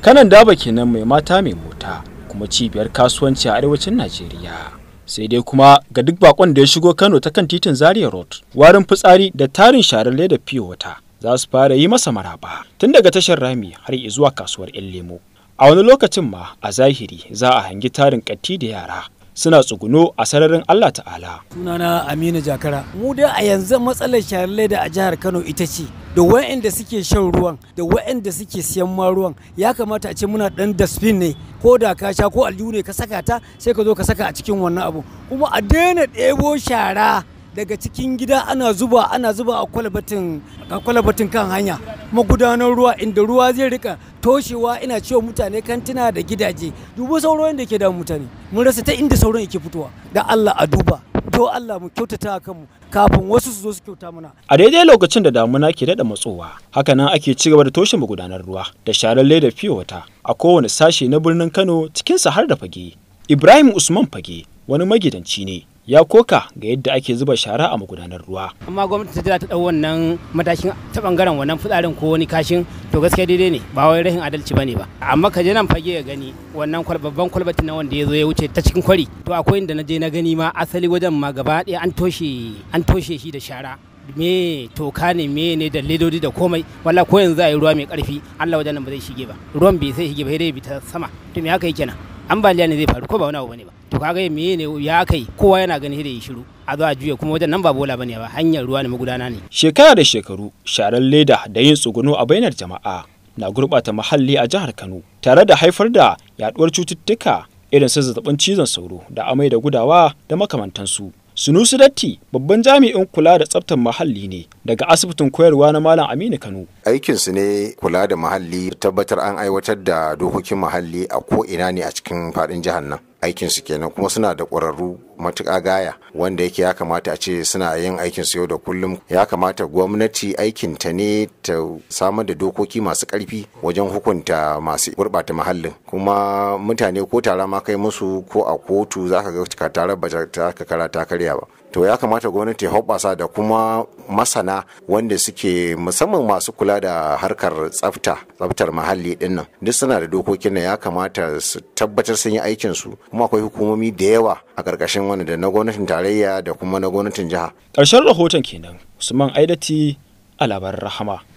kanan daba kenan mai mata mai mota kuma cibiyar kasuwanci a arewacin najeriya sai dai kuma ga duk bakon da ya shigo kano ta kan titin zaria road warin fitsari da tarin sharar leda fiye wata za su fara yi masa maraba tun daga tashar rami har zuwa kasuwar 'yan lemo a wani lokacin ma a zahiri za a hangi tarin katti da yara suna tsuguno a sararin Allah ta'ala. Sunana Aminu Jakara. Mu da a yanzu matsalar sharar leda a jihar Kano ita ce da wa'anda suke shan ruwan da wa'anda suke siyan ma ruwan ya kamata a ce muna dan dasfin ne ko da ka sha ko aljihu ne ka saka ta sai ka zo ka saka a cikin wannan abu kuma a daina ɗebo shara daga cikin gida ana zuba ana zuba a kwalabatin kan hanya magudanar ruwa inda ruwa zai rika toshewa ina cewa mutane kantina da gidaje dubu sauro da ke da mutane mun rasa ta inda sauran yake fitowa da Allah a duba to Allah mu kyautata kanmu kafin wasu su zo su kyauta mana a daidai lokacin da damuna ke daɗa matsowa hakanan ake ci gaba da toshe magudanar ruwa da sharar leda fiye a kowane sashe na birnin Kano cikin har da fage Ibrahim Usman Fage wani magidanci ne ya koka ga yadda ake zuba shara a magudanar ruwa. Amma gwamnati ta ta wannan matashin ta bangaren wannan fitsarin ko wani kashin to gaskiya daidai ne ba wai rashin adalci bane ba. Amma ka je nan fage ya gani wannan babban kwalbatin na wanda ya zo ya wuce ta cikin kwari to akwai inda na je na gani ma asali wajen ma gaba ɗaya an toshe an toshe shi da shara. me toka ne me ne da ledodi da komai wallahi ko yanzu a yi ruwa mai karfi Allah wajen nan ba zai shige ba ruwan bai sai shige ba sai dai bi ta sama to me haka yake nan ambaliya ne zai faru ko ba wani abu bane ba to kaga me ne ya kai kowa yana ganin da yi shiru a zo juya kuma wajen nan ba bola bane ba hanyar ruwa ne magudana ne shekara da shekaru sharar leda da yin tsuguno a bainar jama'a na gurɓata muhalli a jihar Kano tare da haifar da yaduwar cututtuka irin su zazzabin cizon sauro da amai da gudawa da makamantansu Sunusi Datti babban jami'in kula da tsaftar muhalli ne daga asibitin koyarwa na Malam Aminu Kano. Aikinsu ne kula da muhalli tabbatar an aiwatar da dokokin muhalli a ko ina ne a cikin faɗin jihar nan. Aikinsu kenan kuma suna da ƙwararru matuƙa gaya wanda yake ya kamata a ce suna yin aikin su yau da kullum ya kamata gwamnati aikin ta ne ta samar da dokoki masu ƙarfi wajen hukunta masu gurɓata muhallin kuma mutane ko tara ma kai musu ko a kotu za ka ga tare ba ta kara ta karya ba to ya kamata gwamnati ya hoɓasa da kuma masana wanda suke musamman masu kula da harkar tsafta tsaftar muhalli din nan duk suna da dokokin nan ya kamata su tabbatar sun yi aikin su kuma akwai hukumomi da yawa a ƙarƙashin wani da na gwamnatin tarayya da kuma na gwamnatin jiha. Ƙarshen rahoton kenan Usman Aidati a labarin rahama.